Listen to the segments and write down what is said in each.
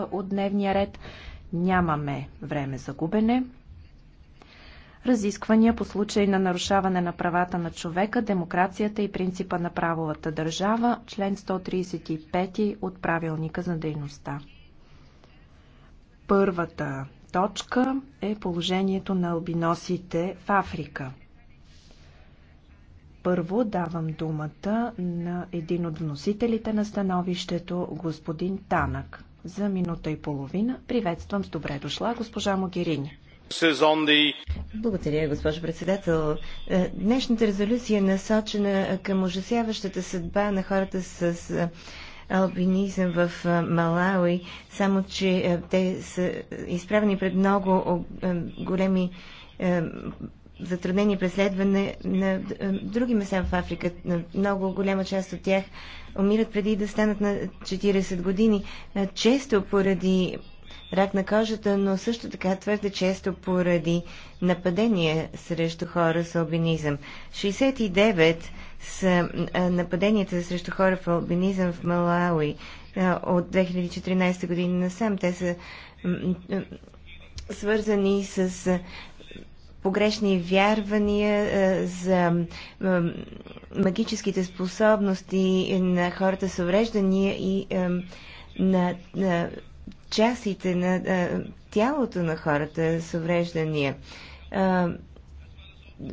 точка от дневния ред. Нямаме време за губене. Разисквания по случай на нарушаване на правата на човека, демокрацията и принципа на правовата държава, член 135 от правилника за дейността. Първата точка е положението на албиносите в Африка. Първо давам думата на един от вносителите на становището, господин Танък за минута и половина. Приветствам с добре дошла госпожа Могерини. Благодаря, госпожо председател. Е, днешната резолюция е насочена е, към ужасяващата съдба на хората с е, албинизъм в Малауи, само че те са изправени пред много големи затруднени преследване на е, други места в Африка. Много голяма част от тях умират преди да станат на 40 години. Е, често поради рак на кожата, но също така твърде често поради нападения срещу хора с албинизъм. 69 са е, нападенията срещу хора в албинизъм в Малауи от 2014 година насам. Те са свързани с погрешни вярвания е, за е, магическите способности на хората с увреждания и е, на, на частите на тялото на хората с увреждания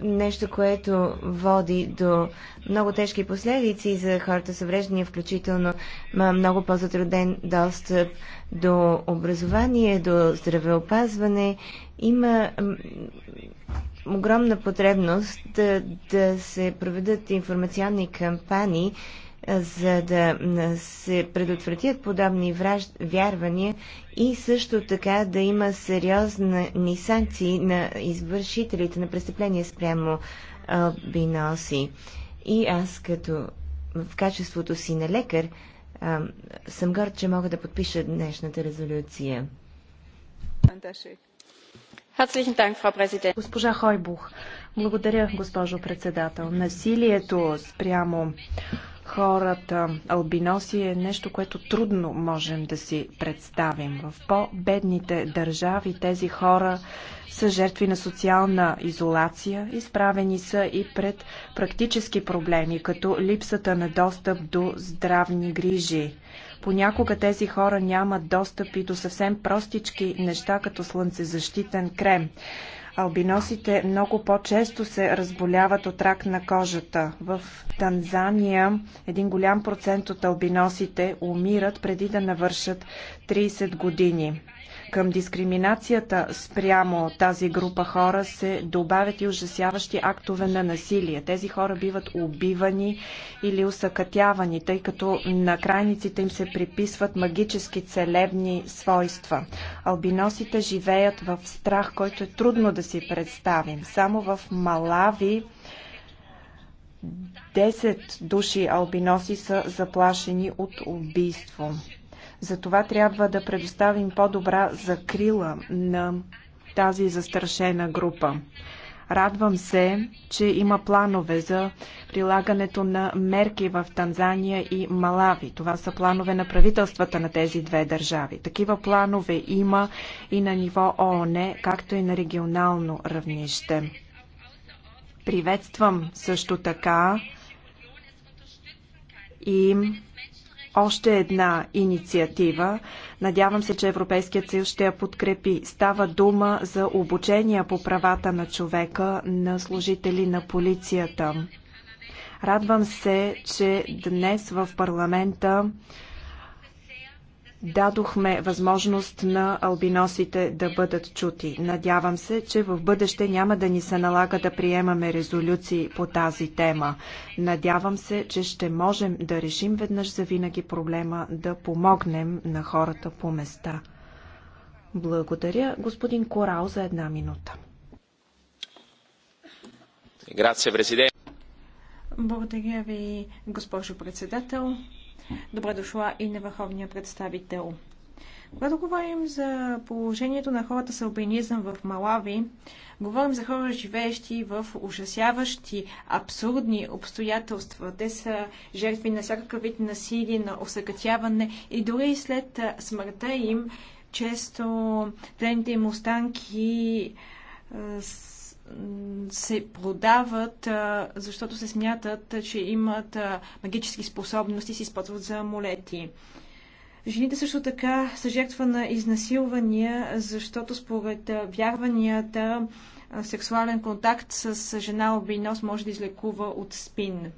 нещо, което води до много тежки последици за хората с увреждания, включително много по-затруден достъп до образование, до здравеопазване. Има огромна потребност да, да се проведат информационни кампании за да се предотвратят подобни враж... вярвания и също така да има сериозни санкции на извършителите на престъпления спрямо биноси. И аз като в качеството си на лекар а, съм горд, че мога да подпиша днешната резолюция. Госпожа Хойбух, благодаря, госпожо председател. Насилието спрямо хората албиноси е нещо, което трудно можем да си представим. В по-бедните държави тези хора са жертви на социална изолация, изправени са и пред практически проблеми, като липсата на достъп до здравни грижи. Понякога тези хора нямат достъп и до съвсем простички неща, като слънцезащитен крем. Албиносите много по-често се разболяват от рак на кожата. В Танзания един голям процент от албиносите умират преди да навършат 30 години. Към дискриминацията спрямо тази група хора се добавят и ужасяващи актове на насилие. Тези хора биват убивани или усъкътявани, тъй като на крайниците им се приписват магически целебни свойства. Албиносите живеят в страх, който е трудно да си представим. Само в Малави 10 души албиноси са заплашени от убийство. Затова трябва да предоставим по-добра закрила на тази застрашена група. Радвам се, че има планове за прилагането на мерки в Танзания и Малави. Това са планове на правителствата на тези две държави. Такива планове има и на ниво ООН, както и на регионално равнище. Приветствам също така и още една инициатива. Надявам се, че Европейският съюз ще я подкрепи. Става дума за обучение по правата на човека на служители на полицията. Радвам се, че днес в парламента дадохме възможност на албиносите да бъдат чути. Надявам се, че в бъдеще няма да ни се налага да приемаме резолюции по тази тема. Надявам се, че ще можем да решим веднъж за винаги проблема да помогнем на хората по места. Благодаря, господин Корал, за една минута. Благодаря ви, госпожо председател. Добре дошла и на върховния представител. Когато говорим за положението на хората с албинизъм в Малави, говорим за хора, живеещи в ужасяващи, абсурдни обстоятелства. Те са жертви на всякакъв вид насилие, на осъкътяване и дори и след смъртта им, често тлените им останки с се продават, защото се смятат, че имат магически способности и се използват за амулети. Жените също така са жертва на изнасилвания, защото според вярванията сексуален контакт с жена обинос може да излекува от спин.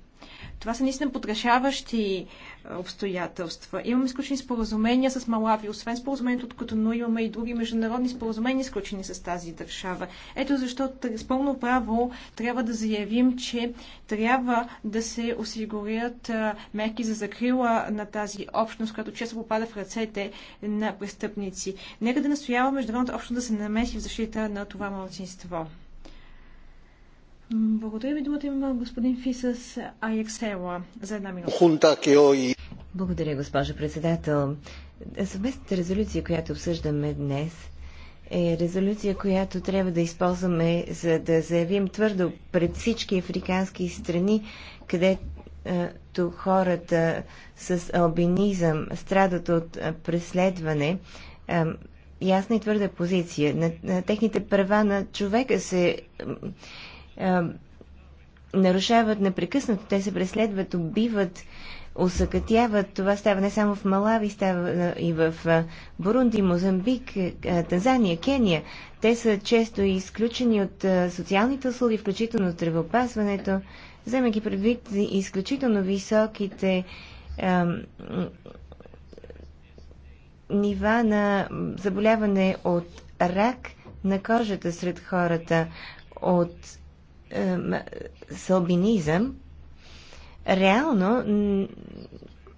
Това са наистина подрешаващи обстоятелства. Имаме сключени споразумения с Малави. Освен споразумението от Котону, имаме и други международни споразумения, сключени с тази държава. Ето защо с пълно право трябва да заявим, че трябва да се осигурят мерки за закрила на тази общност, която често попада в ръцете на престъпници. Нека да настоява международната общност да се намеси в защита на това малцинство. Благодаря ви, думата има господин Фисас Аяксела за една минута. Благодаря, госпожа председател. Съвместната резолюция, която обсъждаме днес, е резолюция, която трябва да използваме, за да заявим твърдо пред всички африкански страни, където хората с албинизъм страдат от преследване. Ясна и твърда позиция. На, на техните права на човека се нарушават непрекъснато. Те се преследват, убиват, усъкътяват. Това става не само в Малави, става и в Бурунди, Мозамбик, Танзания, Кения. Те са често изключени от социалните услуги, включително здравеопазването, вземайки предвид изключително високите ам, нива на заболяване от рак на кожата сред хората, от с албинизъм, реално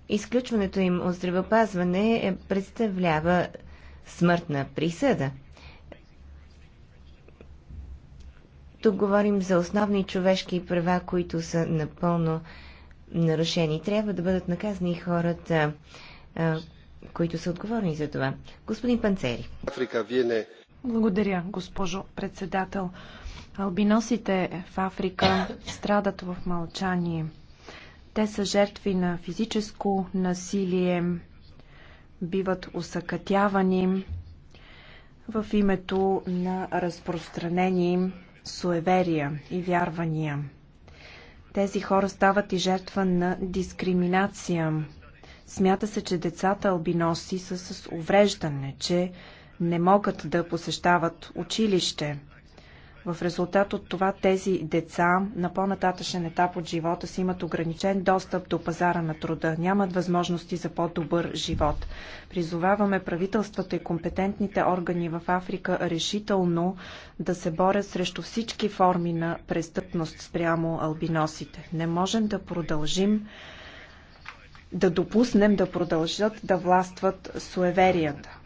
изключването им от здравеопазване представлява смъртна присъда. Тук говорим за основни човешки права, които са напълно нарушени. Трябва да бъдат наказани хората, които са отговорни за това. Господин Панцери. Африка, вие не. Благодаря, госпожо председател. Албиносите в Африка страдат в мълчание. Те са жертви на физическо насилие, биват усъкътявани в името на разпространени суеверия и вярвания. Тези хора стават и жертва на дискриминация. Смята се, че децата албиноси са с увреждане, че не могат да посещават училище. В резултат от това тези деца на по-нататъчен етап от живота си имат ограничен достъп до пазара на труда, нямат възможности за по-добър живот. Призоваваме правителствата и компетентните органи в Африка решително да се борят срещу всички форми на престъпност спрямо албиносите. Не можем да продължим да допуснем да продължат да властват суеверията.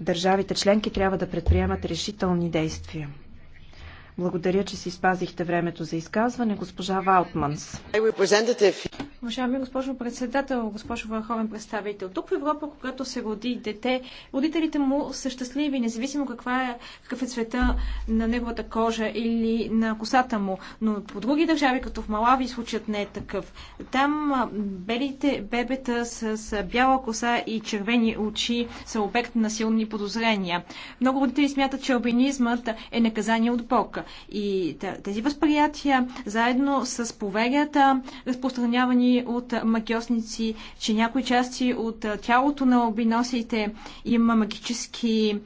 Държавите членки трябва да предприемат решителни действия. Благодаря, че си спазихте времето за изказване, госпожа Валтманс. Уважаеми госпожо председател, госпожо върховен представител, тук в Европа, когато се роди дете, родителите му са щастливи, независимо каква е, какъв е цвета на неговата кожа или на косата му. Но по други държави, като в Малави, случаят не е такъв. Там белите бебета с, с бяла коса и червени очи са обект на силни подозрения. Много родители смятат, че албинизмът е наказание от Бог. И тези възприятия, заедно с поверията, разпространявани от магиосници, че някои части от тялото на обиносите има магически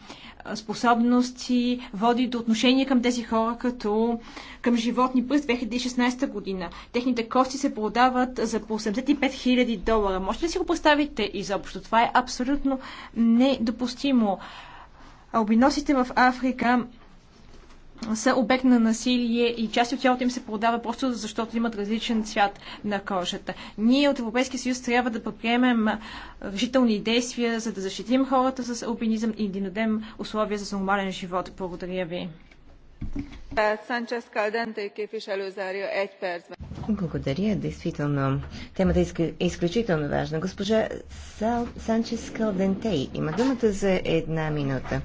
способности, води до отношение към тези хора като към животни през 2016 година. Техните кости се продават за по 85 000 долара. Може ли си го представите изобщо? Това е абсолютно недопустимо. Албиносите в Африка са обект на насилие и част от тялото им се продава просто защото имат различен цвят на кожата. Ние от Европейския съюз трябва да предприемем решителни действия, за да защитим хората с албинизъм и да дадем условия за нормален живот. Благодаря ви. Благодаря, действително. Темата е, е изключително важна. Госпожа Санчес Калдентей има думата за една минута.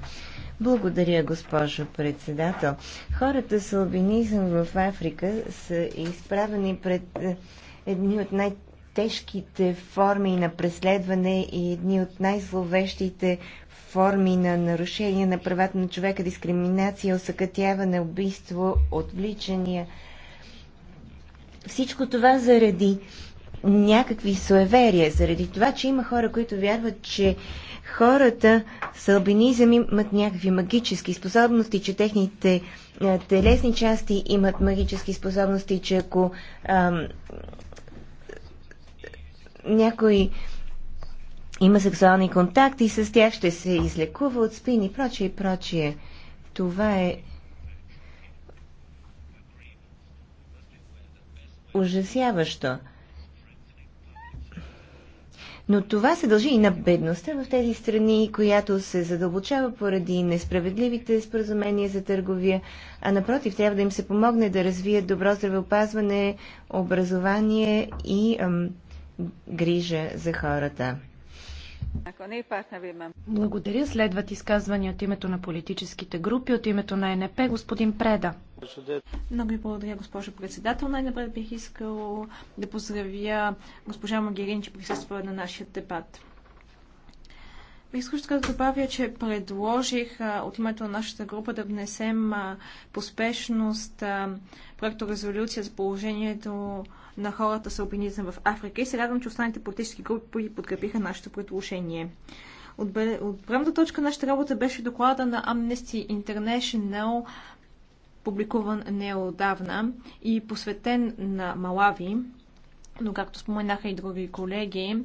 Благодаря, госпожо председател. Хората с албинизъм в Африка са изправени пред е, едни от най-тежките форми на преследване и едни от най-зловещите форми на нарушение на правата на човека, дискриминация, осъкътяване, убийство, отвличания. Всичко това заради някакви суеверия, заради това, че има хора, които вярват, че хората с албинизъм имат някакви магически способности, че техните а, телесни части имат магически способности, че ако ам, някой има сексуални контакти с тях, ще се излекува от спин и прочие и прочие. Това е ужасяващо. Но това се дължи и на бедността в тези страни, която се задълбочава поради несправедливите споразумения за търговия, а напротив, трябва да им се помогне да развият добро здравеопазване, образование и ам, грижа за хората. Благодаря. Следват изказвания от името на политическите групи, от името на НП. Господин Преда. Много ви благодаря, госпожо председател. Най-напред бих искал да поздравя госпожа Магерин, че присъства на нашия дебат. Бих искал да добавя, че предложих от името на нашата група да внесем поспешност проекто резолюция за положението на хората с албинизъм в Африка и се радвам, че останалите политически групи подкрепиха нашето предложение. От, от точка нашата работа беше доклада на Amnesty International, публикуван неодавна и посветен на Малави, но както споменаха и други колеги,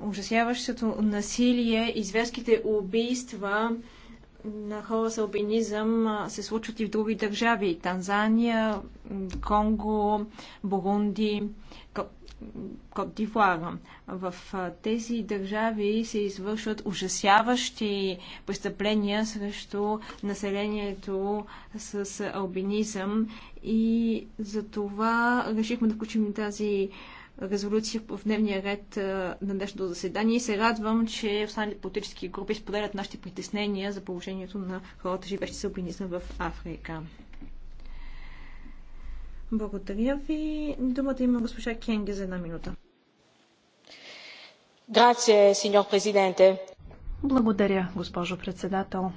ужасяващото насилие известките убийства на хора с албинизъм се случват и в други държави. Танзания, Конго, Бурунди, Кот Дивуара. В тези държави се извършват ужасяващи престъпления срещу населението с албинизъм и за това решихме да включим тази резолюция в дневния ред на днешното заседание и се радвам, че останалите политически групи споделят нашите притеснения за положението на хората, живещи с албинизъм в Африка. Благодаря ви. Думата има госпожа Кенге за една минута. Грация, сеньор президенте. Благодаря, госпожо председател.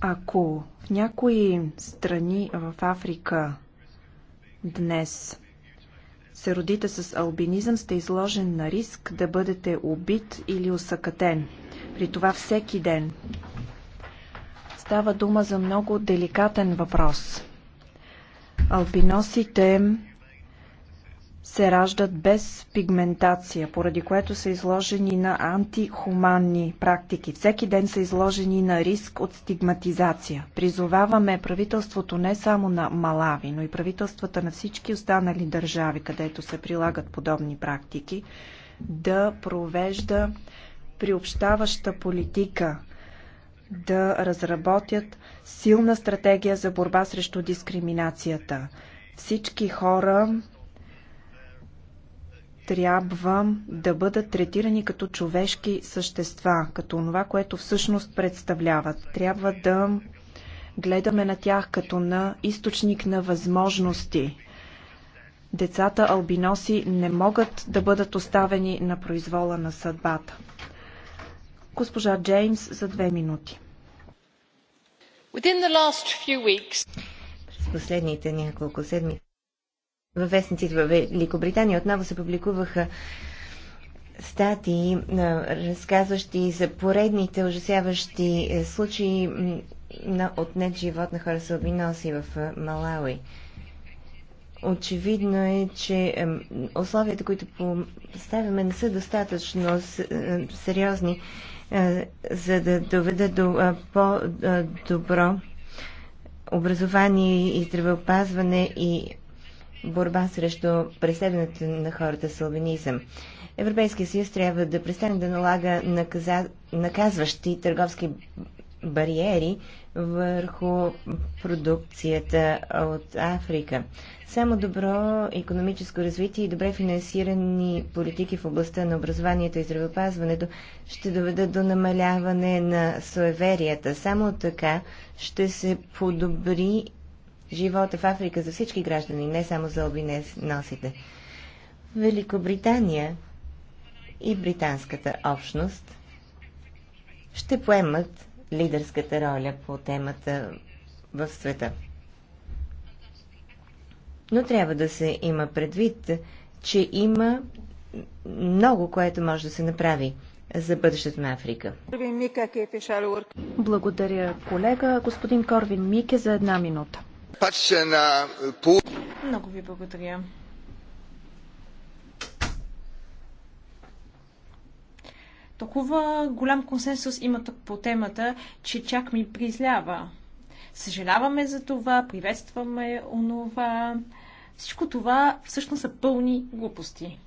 Ако в някои страни в Африка днес се родите с албинизъм, сте изложен на риск да бъдете убит или усъкътен. При това всеки ден. Става дума за много деликатен въпрос. Албиносите се раждат без пигментация, поради което са изложени на антихуманни практики. Всеки ден са изложени на риск от стигматизация. Призоваваме правителството не само на Малави, но и правителствата на всички останали държави, където се прилагат подобни практики, да провежда приобщаваща политика да разработят силна стратегия за борба срещу дискриминацията. Всички хора трябва да бъдат третирани като човешки същества, като това, което всъщност представляват. Трябва да гледаме на тях като на източник на възможности. Децата албиноси не могат да бъдат оставени на произвола на съдбата. Госпожа Джеймс за две минути. Weeks... През последните няколко седмици във вестниците в Великобритания отново се публикуваха статии, разказващи за поредните ужасяващи е, случаи на отнет живот на хора с обиноси в Малауи. Очевидно е, че условията, които поставяме, не са достатъчно е, сериозни, е, за да доведат до по-добро образование и здравеопазване и борба срещу преследването на хората с албинизъм. Европейския съюз трябва да престане да налага наказа... наказващи търговски бариери върху продукцията от Африка. Само добро економическо развитие и добре финансирани политики в областта на образованието и здравеопазването ще доведат до намаляване на суеверията. Само така ще се подобри живота в Африка за всички граждани, не само за обинес носите. Великобритания и британската общност ще поемат лидерската роля по темата в света. Но трябва да се има предвид, че има много, което може да се направи за бъдещето на Африка. Благодаря, колега. Господин Корвин Мике за една минута на Много ви благодаря. Толкова голям консенсус има тук по темата, че чак ми призлява. Съжаляваме за това, приветстваме онова. Всичко това всъщност са пълни глупости.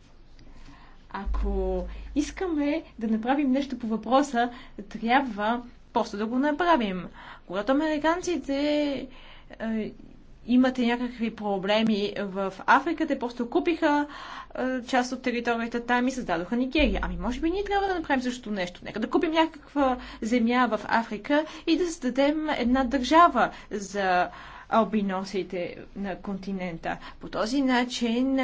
Ако искаме да направим нещо по въпроса, трябва просто да го направим. Когато американците е, имате някакви проблеми в Африка, те просто купиха е, част от територията там и създадоха Нигерия. Ами може би ние трябва да направим също нещо. Нека да купим някаква земя в Африка и да създадем една държава за албиносите на континента. По този начин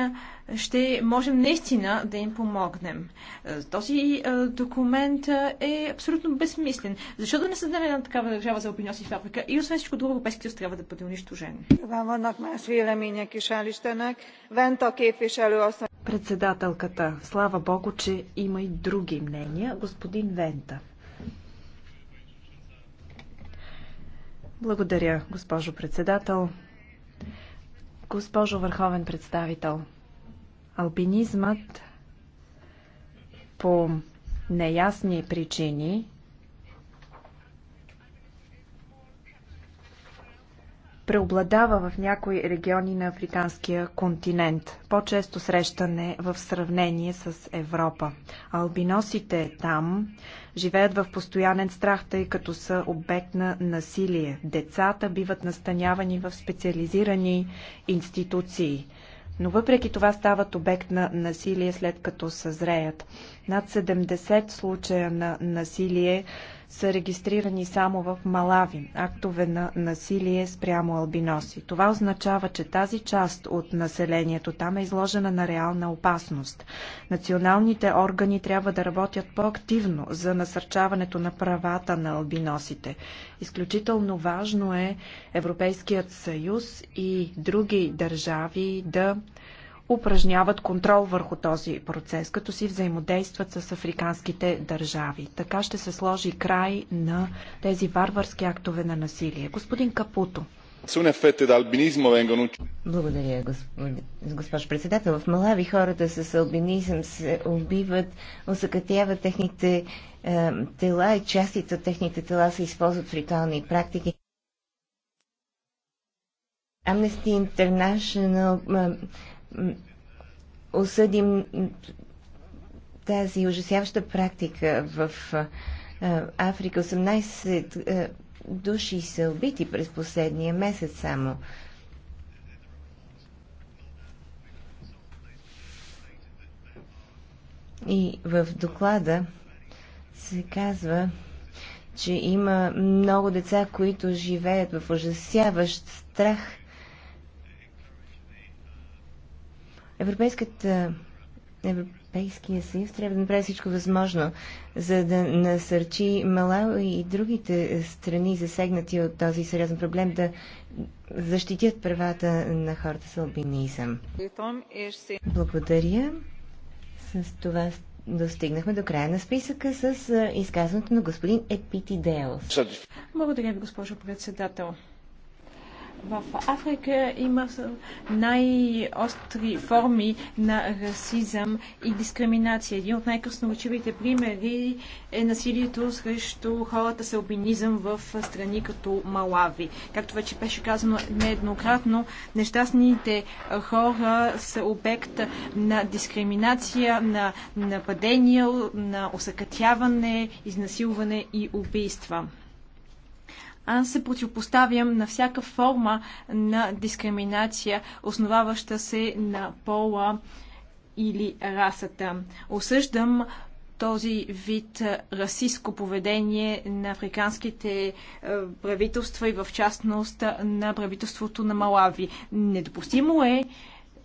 ще можем наистина да им помогнем. Този документ е абсолютно безсмислен. Защо да не създадем една такава държава за албиноси в Африка? И освен всичко друго, Европейския съюз трябва да бъде унищожен. Председателката, слава Богу, че има и други мнения. Господин Вента. Благодаря, госпожо председател. Госпожо върховен представител, албинизмът по неясни причини преобладава в някои региони на африканския континент. По-често срещане в сравнение с Европа. Албиносите там живеят в постоянен страх, тъй като са обект на насилие. Децата биват настанявани в специализирани институции но въпреки това стават обект на насилие след като съзреят. Над 70 случая на насилие са регистрирани само в Малави актове на насилие спрямо албиноси. Това означава, че тази част от населението там е изложена на реална опасност. Националните органи трябва да работят по-активно за насърчаването на правата на албиносите. Изключително важно е Европейският съюз и други държави да упражняват контрол върху този процес, като си взаимодействат с африканските държави. Така ще се сложи край на тези варварски актове на насилие. Господин Капуто. Благодаря, госпожо председател. В Малави хората с албинизъм се убиват, усъкътяват техните е, тела и частите от техните тела се използват в ритуални практики. Amnesty International е, осъдим тази ужасяваща практика в Африка. 18 души са убити през последния месец само. И в доклада се казва, че има много деца, които живеят в ужасяващ страх – Европейската Европейския съюз трябва да направи всичко възможно, за да насърчи Малао и другите страни, засегнати от този сериозен проблем, да защитят правата на хората с албинизъм. Благодаря. С това достигнахме до края на списъка с изказването на господин Деос. Благодаря ви, госпожо председател. В Африка има най-остри форми на расизъм и дискриминация. Един от най-красноречивите примери е насилието срещу хората с албинизъм в страни като Малави. Както вече беше казано нееднократно, нещастните хора са обект на дискриминация, на нападения, на осъкътяване, изнасилване и убийства. Аз се противопоставям на всяка форма на дискриминация, основаваща се на пола или расата. Осъждам този вид расистско поведение на африканските правителства и в частност на правителството на Малави. Недопустимо е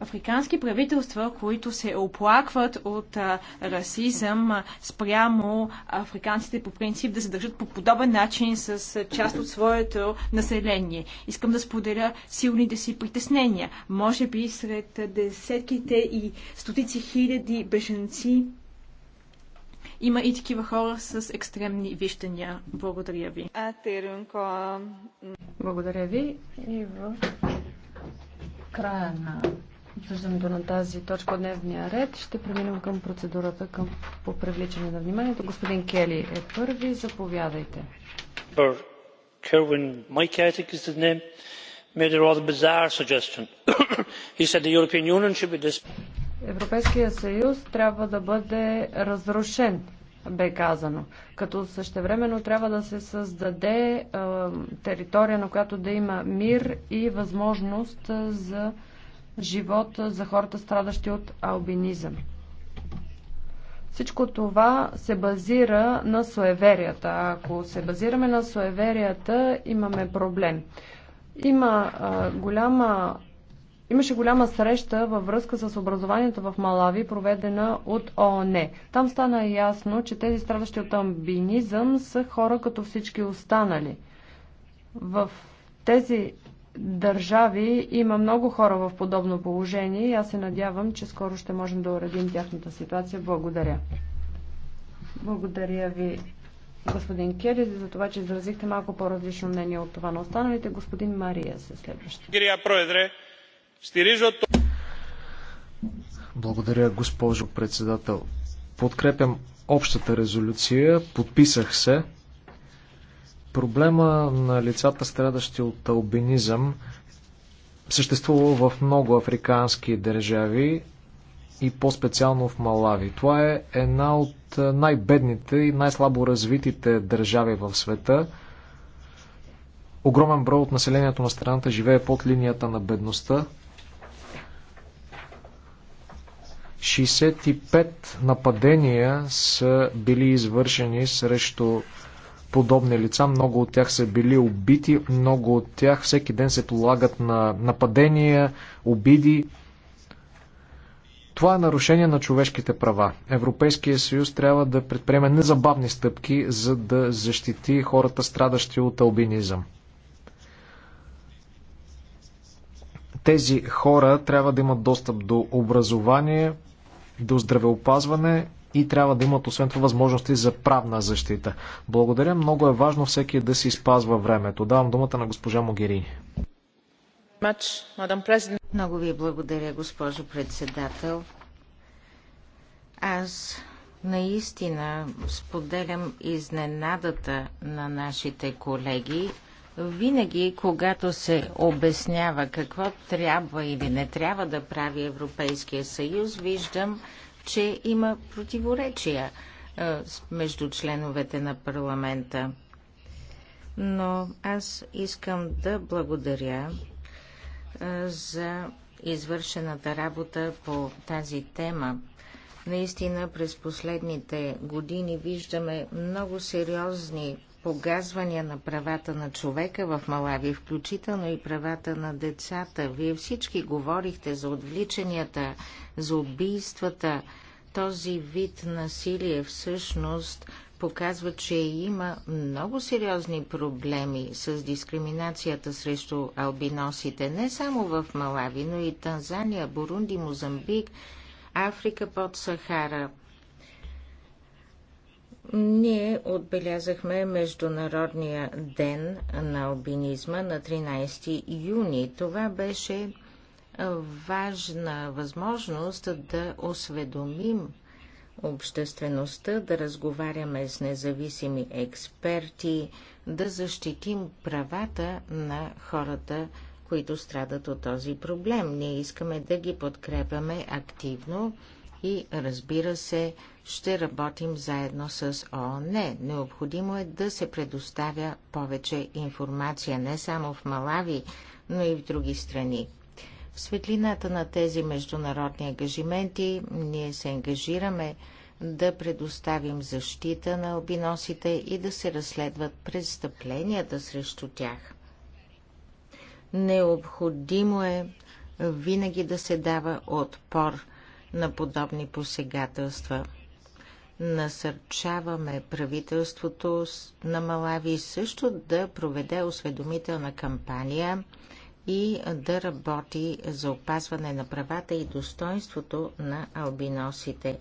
африкански правителства, които се оплакват от а, расизъм спрямо африканците по принцип да се държат по подобен начин с част от своето население. Искам да споделя силните си притеснения. Може би сред десетките и стотици хиляди беженци има и такива хора с екстремни виждания. Благодаря ви. Благодаря ви. И в края на обсъждането на тази точка от дневния ред. Ще преминем към процедурата към, по привличане на вниманието. Господин Кели е първи. Заповядайте. Kerwin is his name, made a rather bizarre suggestion. he said the European Union should be dis- Европейския съюз трябва да бъде разрушен, бе казано. Като същевременно трябва да се създаде е, територия, на която да има мир и възможност за живот за хората страдащи от албинизъм. Всичко това се базира на суеверията. Ако се базираме на суеверията, имаме проблем. Има а, голяма Имаше голяма среща във връзка с образованието в Малави, проведена от ООН. Там стана ясно, че тези страдащи от амбинизъм са хора като всички останали. В тези държави има много хора в подобно положение и аз се надявам, че скоро ще можем да уредим тяхната ситуация. Благодаря. Благодаря ви, господин Кери, за това, че изразихте малко по-различно мнение от това на останалите. Господин Мария се следваща. Благодаря, госпожо председател. Подкрепям общата резолюция. Подписах се. Проблема на лицата, страдащи от албинизъм, съществува в много африкански държави и по-специално в Малави. Това е една от най-бедните и най-слабо развитите държави в света. Огромен брой от населението на страната живее под линията на бедността. 65 нападения са били извършени срещу подобни лица. Много от тях са били убити, много от тях всеки ден се полагат на нападения, обиди. Това е нарушение на човешките права. Европейския съюз трябва да предприеме незабавни стъпки, за да защити хората, страдащи от албинизъм. Тези хора трябва да имат достъп до образование, до здравеопазване и трябва да имат освен това възможности за правна защита. Благодаря. Много е важно всеки да си спазва времето. Давам думата на госпожа Могерини. Много ви благодаря, госпожо председател. Аз наистина споделям изненадата на нашите колеги. Винаги, когато се обяснява какво трябва или не трябва да прави Европейския съюз, виждам че има противоречия между членовете на парламента. Но аз искам да благодаря за извършената работа по тази тема. Наистина през последните години виждаме много сериозни погазвания на правата на човека в Малави, включително и правата на децата. Вие всички говорихте за отвличанията, за убийствата. Този вид насилие всъщност показва, че има много сериозни проблеми с дискриминацията срещу албиносите, не само в Малави, но и Танзания, Бурунди, Мозамбик, Африка под Сахара – ние отбелязахме Международния ден на албинизма на 13 юни. Това беше важна възможност да осведомим обществеността, да разговаряме с независими експерти, да защитим правата на хората, които страдат от този проблем. Ние искаме да ги подкрепяме активно и, разбира се, ще работим заедно с ООН. Необходимо е да се предоставя повече информация не само в Малави, но и в други страни. В светлината на тези международни ангажименти ние се ангажираме да предоставим защита на обиносите и да се разследват престъпленията срещу тях. Необходимо е винаги да се дава отпор на подобни посегателства. Насърчаваме правителството на Малави също да проведе осведомителна кампания и да работи за опазване на правата и достоинството на албиносите.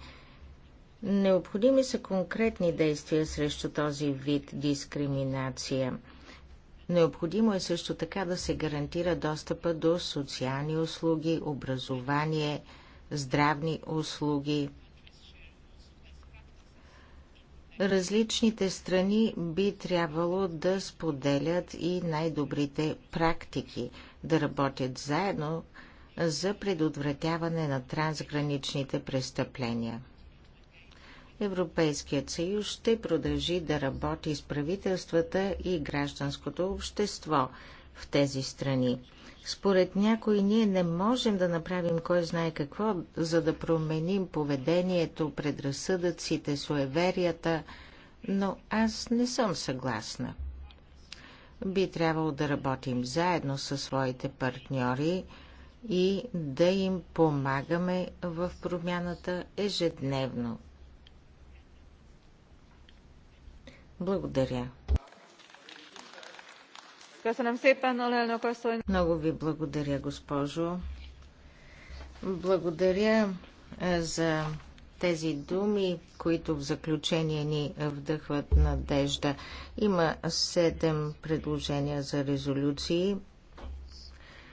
Необходими са конкретни действия срещу този вид дискриминация. Необходимо е също така да се гарантира достъпа до социални услуги, образование, здравни услуги, Различните страни би трябвало да споделят и най-добрите практики, да работят заедно за предотвратяване на трансграничните престъпления. Европейският съюз ще продължи да работи с правителствата и гражданското общество в тези страни. Според някои ние не можем да направим кой знае какво, за да променим поведението, предразсъдъците, суеверията, но аз не съм съгласна. Би трябвало да работим заедно със своите партньори и да им помагаме в промяната ежедневно. Благодаря. Много ви благодаря, госпожо. Благодаря е, за тези думи, които в заключение ни вдъхват надежда. Има седем предложения за резолюции.